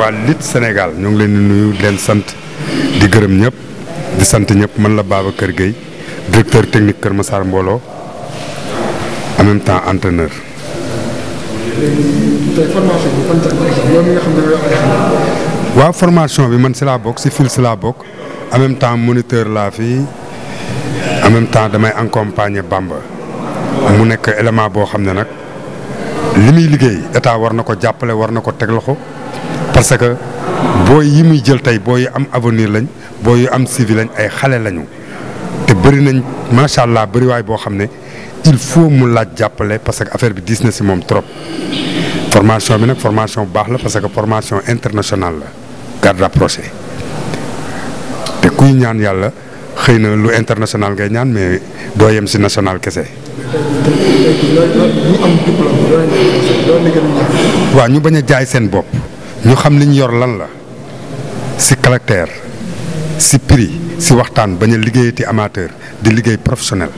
waa Lutte Sénégal ñoo ngi leen nuyu leen sant di gërëm ñëpp di sant ñëpp man la Babacar Gueye directeur technique Kër Massar Mbooloo en même waaw formation bi man si laa bokk si fil si laa bokk en temps moniteur laa fii en même temps damay accompagner Bamba mu nekk élément boo xam ne nag li muy liggéey état war na ko jàppale war na ko teg loxo parce que booy yi muy jël tey booy yi am avenir lañ booy yi am civil lañ ay xale lañu te bëri nañ macha allah bëri waay boo xam ne il faut mu laaj jàppale parce que affaire bi diis na si moom trop formation bi nag formation bu baax la parce que formation internationale la garde rapproché te kuy ñaan yàlla xëy na lu international ngay ñaan mais doo yem si national kese. waa ñu bañ a jaay seen bopp. ñu xam liñ yor lan la si caractère si prix si waxtaan bañ a liggéeyati amateur di liggéey professionnel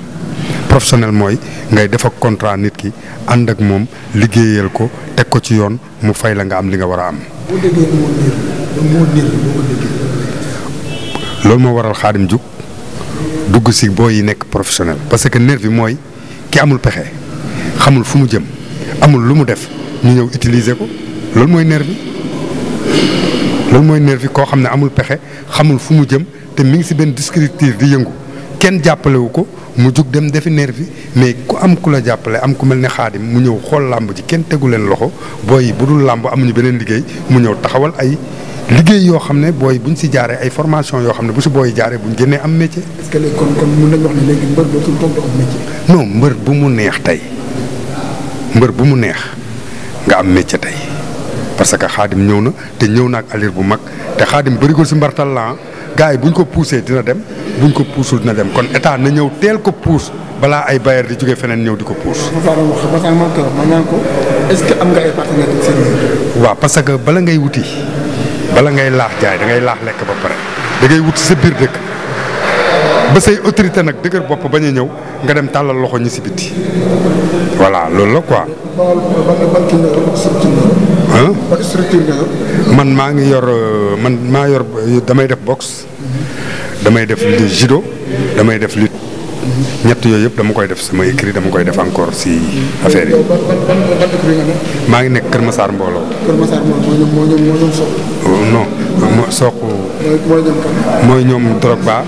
professionnel mooy ngay def contrat nit ki ànd ak moom liggéeyal ko teg ko ci yoon mu fay la nga am li nga war a am. loolu moo waral xaadim jug dugg si boo yi nekk professionnel parce que nervi mooy ki amul pexe xamul fu mu jëm amul lu mu def ñu ñëw utiliser ko loolu mooy nervi loolu mooy nervi koo xam ne amul pexe xamul fu mu jëm te mi ngi si benn descriptif di yëngu kenn jàppalewu ko mu jug dem defi nervi mais ku am ku la jàppale am ku mel ni xaadim mu ñëw xool làmb ji kenn tegu leen loxo booy bu dul làmb amuñu beneen liggéey mu ñëw taxawal ay liggéey yoo xam ne booy bu ñu si jaaree ay formation yoo xam ne bu si booy jaaree bu ñu génnee am métier. est-ce que mbër bu mu neex tey mbër bu mu neex nga am métier tey. parce que xaadim ñëw na te ñëw na ak alir bu mag te xaadim bërigul si mbartal la ah. gars yi bu ko poussé dina dem bu ñu ko puusul dina dem kon état na ñëw teel ko puus balaa ay bailleur di jógee feneen ñëw di ko puus. est-ce parce que bala ngay wuti bala ngay laax jaay da laax lekk ba pare da ngay wut sa biir dëkk. ba say autorité nag dëgër bopp bañ a ñëw nga dem tàllal loxo ñu si biti voilà loolu la quoi. man maa ngi yor euh, man maa yor damay def box damay def judo damay def lutte ñett yooyu yëpp dama koy def sama écrit dama koy def encore si affaire yi. maa ngi nekk Kër Massar Mbooloo. Kër Massar Mbooloo moo ñoom moo ñoom euh, non soq. mooy ñoom kan. mooy ñoom Drogba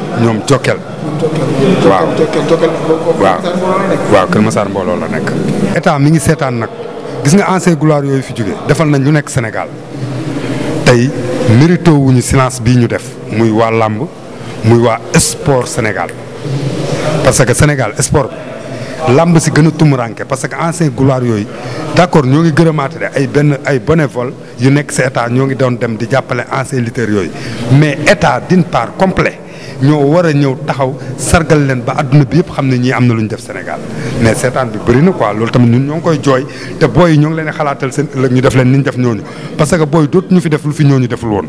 waaw waaw waaw Kër Massar mbooloo la nekk. état mi ngi seetaan nag gis nga ancien gloire yooyu fi jóge defal nañ ñu nekk Sénégal tey mérito wuñu silence bii ñu def muy waa làmb muy waa sport Sénégal parce que Sénégal sport. lamb si gën a parce que ancien gloire yooyu d' accord ñoo ngi gërëmaate de ay benn ay bénévole yu nekk si état ñoo ngi doon dem di jàppale ancien lutteurs yooyu mais état d'une part complet ñoo war a ñëw taxaw sargal leen ba adduna bi yëpp xam ne ñi am na lu ñu def Sénégal mais seetaan bi bëri na loolu tamit ñun ñoo ngi koy jooy te booy yi ñoo ngi leen xalaatal seen ëllëg ñu def leen ni ñu def ñooñu parce que booy dootu ñu fi def lu fi ñooñu deful woon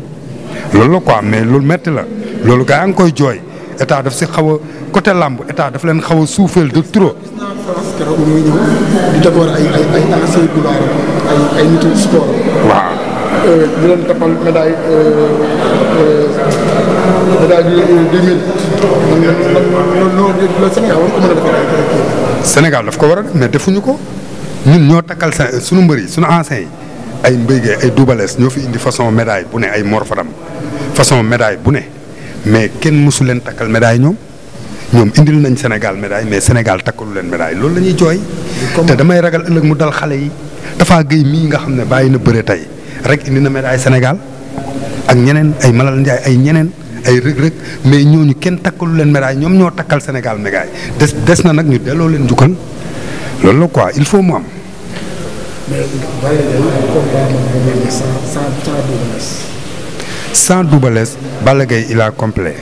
loolu la quoi mais loolu metti la loolu ngi koy jooy état def si xaw a côté làmb état daf leen xaw a suufeel de trop. gis Sénégal ko daf ko war a def mais defuñu ko ñun ñoo takkal sa sunu mbër yi sunu anciens yi ay mbéy ay dubalees ñoo fi indi façon médaille bu ne ay morfaram façon médaille bu ne. mais kenn mësu leen takkal medaay ñoom ñoom indil nañ Sénégal médaille mais Sénégal takkalu leen médaille loolu lañuy ñuy jooy. te damay ragal ëllëg mu dal xale yi dafaa géy mii nga xam ne bàyyi na bëre tey rek indi na médaille Sénégal ak ñeneen ay Malal Ndiaye ay ñeneen. ay rëg-rëg mais ñooñu kenn takkalu leen médaille ñoom ñoo takkal Sénégal médaille des des na nag ñu delloo leen njukkal loolu la quoi il faut mu am. sans Double Less Balla Gaye il a complet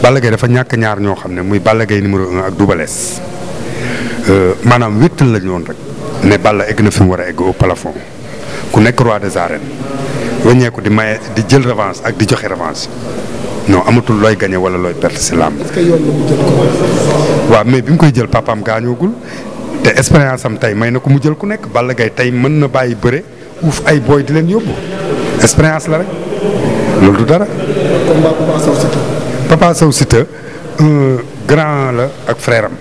Balla Gaye dafa ñàkk ñaar ñoo xam ne muy Balla Gaye numéro un ak Double Less euh, maanaam wéttal la ñu rek ne Balla egg na fi mu war a egg au plafond ku nekk roi des arènes weññeeku di maye di jël revance ak di joxe revanche non amatul looy gagné wala looy perte si làmb. waa mais bi mu koy jël papaam gaañoogul te expérience am tey may na ko mu jël ku nekk Balla Gaye tey mën na bàyyi bëre uuf ay booy di leen yóbbu expérience la loolu du dara. Papa Sow Siteu un grand la ak frère am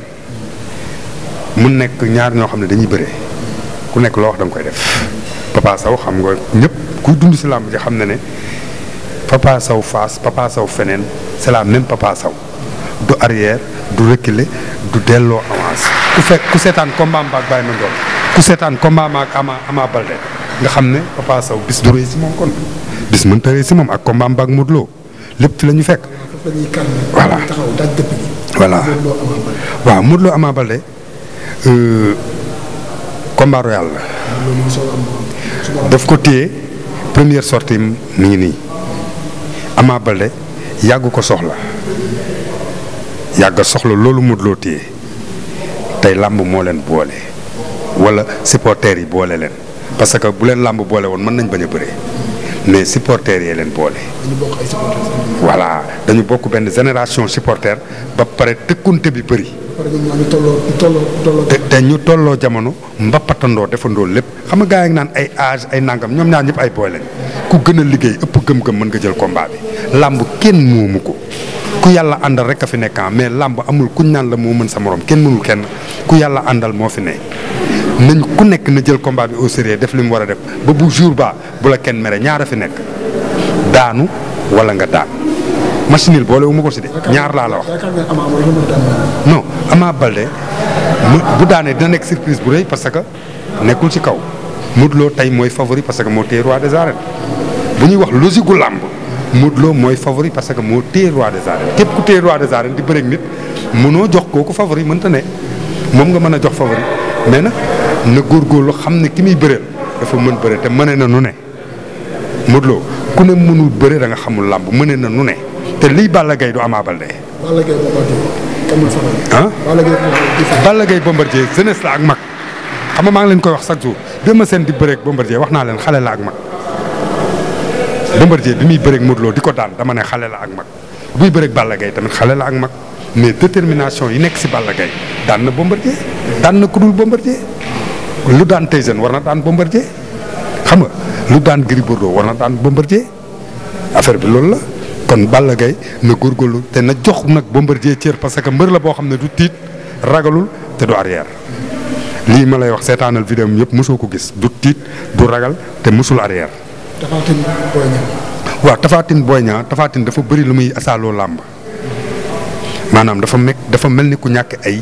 mu nekk ñaar ñoo xam ne dañuy bëre ku nekk loo wax da koy def Papa Sow xam nga ñëpp kuy dund si làmb ji xam ne ne Papa Sow face Papa Sow feneen c'est la même Papa du arrière du reculer du delloo avance ku fekk ku seetaan combat am ak Baye Mandione ku seetaan combat am ak Ama Ama nga xam ne Papa Sow bis du rëy si moom kon bis mënta rëy si moom ak combat mbaa ak Modou lépp fi la ñu fekk. voilà voilà waaw Modou Lo Ama Baldé euh, combat royal la. daf ko téye première sortie mu ngi nii Ama Baldé yàgg ko soxla yàgg soxla loolu Modou Lo téye tey làmb moo leen boole walla supporters yi boole leen. parce que bu leen làmb boole woon mën nañ bañ a bëree mais supporters yee leen boole. voilà dañu bokk benn génération supporter ba pare tëkkunte bi bëri. te te ñu tolloo jamono mbappatandoo defandoo lépp xam nga gars yi naan ay âge ay nangam ñoom ñaan ñëpp ay booy lañ ku gën a liggéey ëpp gëm-gëm mën nga jël combat bi làmb kenn moomu ko ku yàlla àndal rek a fi nekkan ah, mais làmb amul kuñ naan la moo mën sa moroom kenn mënul kenn ku yàlla àndal moo fi ne nañ ku nekk na jël combat bi au sérieux def li mu war a def ba bu jour baa bu la kenn mere a fi nekk daanu wala nga daan machine boole wu ko si de ñaar laa la wax. non Ama Baldé bu daanee dina nekk surprise bu rëy parce que nekkul ci kaw Modou loo tey mooy favori parce que moo téye roi des arènes bu ñuy wax logique gu làmb Modou loo mooy favori parce que moo téye roi des arènes képp ku téye roi des arènes di bëreeg nit mënoo jox kooku favori mënta ne moom nga mën a jox favori na góorgóorlu xam ne ki muy bëre dafa mën bëre te mëne na nu ne Modou Lo ku ne mënul bëre a nga xamul làmb mëne na nu ne te lii Balla Gaye du Ama Baldé. Balla Gaye gay Balla Gaye Bombardier jeunesse la ak mag xam nga maa ngi leen koy wax chaque jour dama seen di bëreeg Bombardier wax naa leen xale la ak mag Bombardier bi muy bëreeg Modou di ko daan dama ne xale la ak mag buy muy bëreeg Balla tamit xale la ak mag mais détermination yi nekk si Balla Gaye daan lu daan Tyson war na daan Bombardier xam nga lu daan Gris Bordeaux war na daan Bombardier affaire bi loolu la kon Balla Gaye na góorgóorlu te na jox nag Bombardier cër parce que mbër la boo xam ne du tiit ragalul te du arrière lii ma lay wax seetaanal vidéo yëpp mosoo ko gis du tiit du ragal te mosul arrière. Tafatin Boy Niang. waaw Tafatin dafa bëri lu muy asaaloo làmb maanaam dafa mekk dafa mel ni ku ñàkk ay.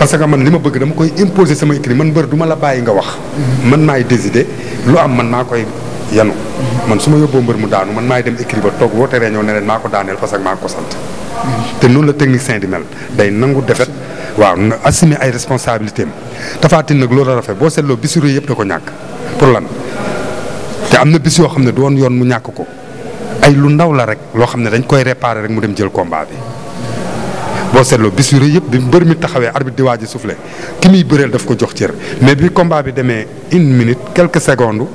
parce que man li ma bëgg dama koy imposer sama écrit man mbër du ma la bàyyi nga wax. man maay décider lu am man maa koy yanu. man su ma yóbboo mbër mu daanu man maay dem écrit ba toog woote réunion ne leen maa ko daaneel parce que maa ko sant. te noonu la technicien di mel day nangu defet waaw na assumer ay responsabilités am tafaatin nag loolu rafet boo seetloo bisu rëy yëpp da ko ñàkk pour lan te am na bis yoo xam ne du yoon mu ñàkk ko ay lu ndaw la rek loo xam ne dañ koy réparer rek mu dem jël combat bi. boo seetloo bis yu rëy yëpp bi mbër mi taxawee arbitre di waaj a soufflé ki muy bëreel daf ko jox cër mais bi combat bi demee une minute quelques secondes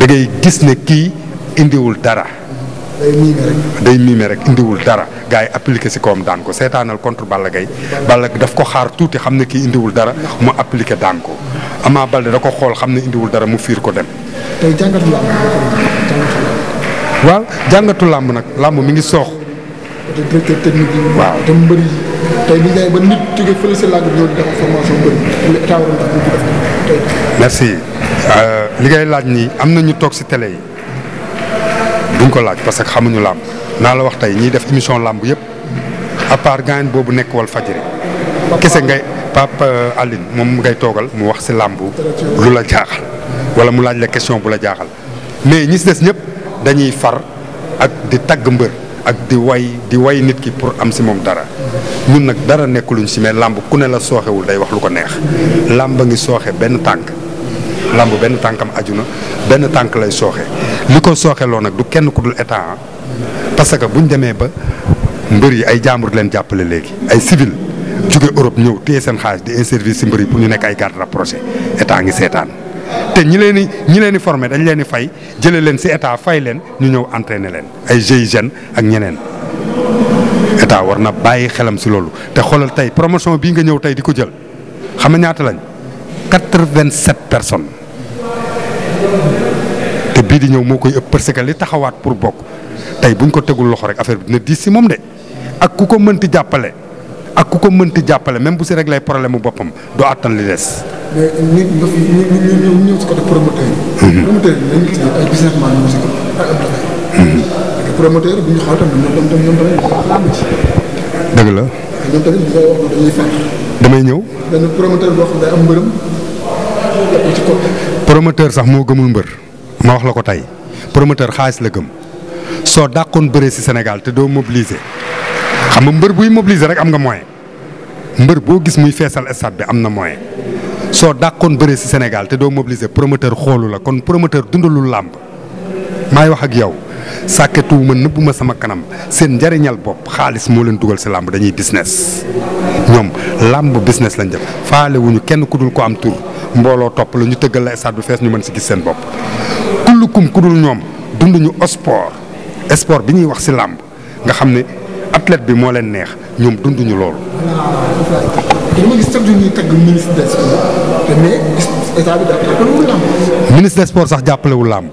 ngay gis ne kii indiwul dara. day miime rek indiwul dara gars yi appliqué si koom daan ko seetaanal contre Balla Gaye Balla daf ko xaar tuuti xam ne kii indiwul dara mu appliqué daan ko Ama Baldé da ko xool xam ne indiwul dara mu fiir ko dem. làmb waaw jàngatu làmb nag làmb mi ngi soox. te li ngay merci euh, li ngay laaj nii am na ñu toog si tele yi duñ ko laaj parce que xamuñu làmb naa la wax tey ñiy def émission làmb yëpp à gaañ boobu nekk wal fajiri kese ngay Pape Aline moom ngay toogal mu wax si làmb lu la jaaxal wala mu laaj la question bu la jaaxal mais ñi si des ñëpp dañuy far ak di tagg mbër. ak di way di way nit ki pour am si moom dara ñun nag dara nekkuluñ si mais làmb ku ne la sooxewul day wax lu ko neex làmb ngi sooxe benn tànk làmb benn tànkam aju na benn tànk lay sooxe li ko sooxe loo nag du kenn ku dul état ah. parce bu ñu demee ba mbër yi ay jaambur leen jàppale léegi ay civil jóge Europe ñëw téye seen xaalis di inservice si mbër yi pour ñu nekk ay garde rapproché état ngi seetaan te ñi leen di ñi leen di formé dañ leen di fay jëlee leen si état fay leen ñu ñëw entraîner leen ay GIGN ak ñeneen état war na bàyyi xelam si loolu te xoolal tey promotion bii nga ñëw tey di ko jël xam nga ñaata lañ quatre-vingt-sept personnes te bii di ñëw moo koy ëpp parce que li taxawaat pour bokk tey buñ ko tegul loxo rek affaire bi dina diis si moom de ak ku ko mënti jàppale. ak ku ko mënti jàppale même bu si réglé problème mu boppam doo attan li des. mais ñëw promoteur mhm. mhm. bu la. wax damay ñëw. benn promoteur boo xam mbërëm promoteur sax moo gëmul mbër ma wax la ko tey promoteur xaalis la gëm soo dàqoon bëree si Sénégal te doo mobiliser xam nga mbër buy mobiliser rek am nga moyen. mbeur bo gis muy fessal stade bi am na moyen so dakon bëree si te do mobiliser promoteur kon promoteur dundulul lamb. may wax ak yow ma neubuma sama kanam sen njariñal bop khalis mo len duggal ci lamb dañuy business ñom lamb business lañ def faale wuñu kenn ku dul ko am tour mbolo top lu ñu teggal la stade bi fess ñu mën ci gis sen bop kullukum ku dul dunduñu sport sport biñuy wax ci lamb nga xamne ne athlète bi mo len neex ñoom dunduñu loolu. dama gis ministre des sax jàppalewul làmb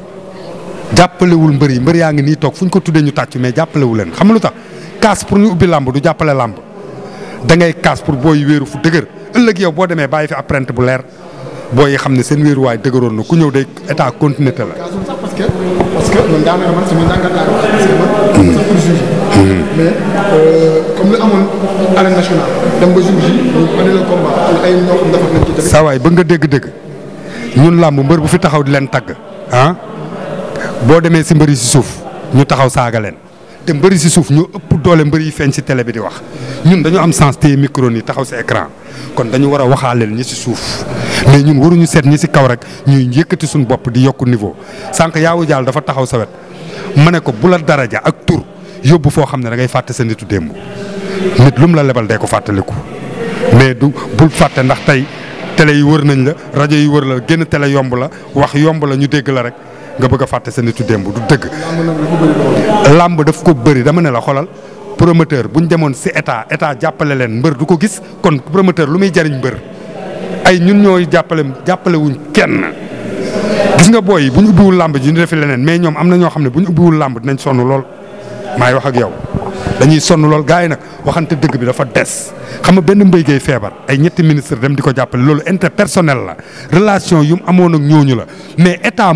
jàppalewul mbër yi mbër yaa ngi nii toog fu ñu ko tuddee ñu tàcc mais jàppalewul leen xam lu tax kaas pour ñu ubbi làmb du jàppale làmb dangay kaas pour booy wéeru fu dëgër ëllëg yow boo demee bàyyi fi apprenti bu leer booy yi xam ne seen wéeruwaay dëgëroon na ku ñëw day état continué la. mais euh, comme li ba nga dégg-dégg ñun làmb mbër bu fi taxaw di leen tagg ah boo demee si mbëri si suuf ñu taxaw saaga leen te mbëri si suuf ñu ëpp doole mbëri yi feeñ si télé bi di wax ñun dañu am sens téye micro taxaw si écran kon dañu war a waxaaleel ñi si suuf mais ñun waruñu seet ñi si kaw rek ñuy yëkkati suñu bopp di yokku niveau sànq yaawu jaal dafa taxaw sawet wet ma ne ko bu la daraja ak tur. yobbu fo xamne ne da ngay fàtte sa nitu dem nit lum la lebal dee ko fàttaliku mais du bul fàtte ndax tay télé yi wër nañ la radio yi wër la genn télé yomb la wax yomb la ñu dégg la rek nga bëgg a sa nitu dem du dëgg. lamb daf ko bëri dama ne la xolal promoteur bu ñu ci état état jappalé len mbeur du ko gis kon promoteur lu muy jariñ mbeur ay ñun ñoy jappalé jappalé wuñ kenn. gis nga boy bu ñu ubbiwul làmb ji ñu def leneen mais ñom amna ño xamne dinañ sonu lool. maay wax ak yow dañuy sonn lool gars yi nag waxante dëgg bi dafa des xam nga benn mbéy gay feebar ay ñetti ministre dem di ko jàppale loolu interpersonnel la relation yu mu amoon ak ñooñu la mais état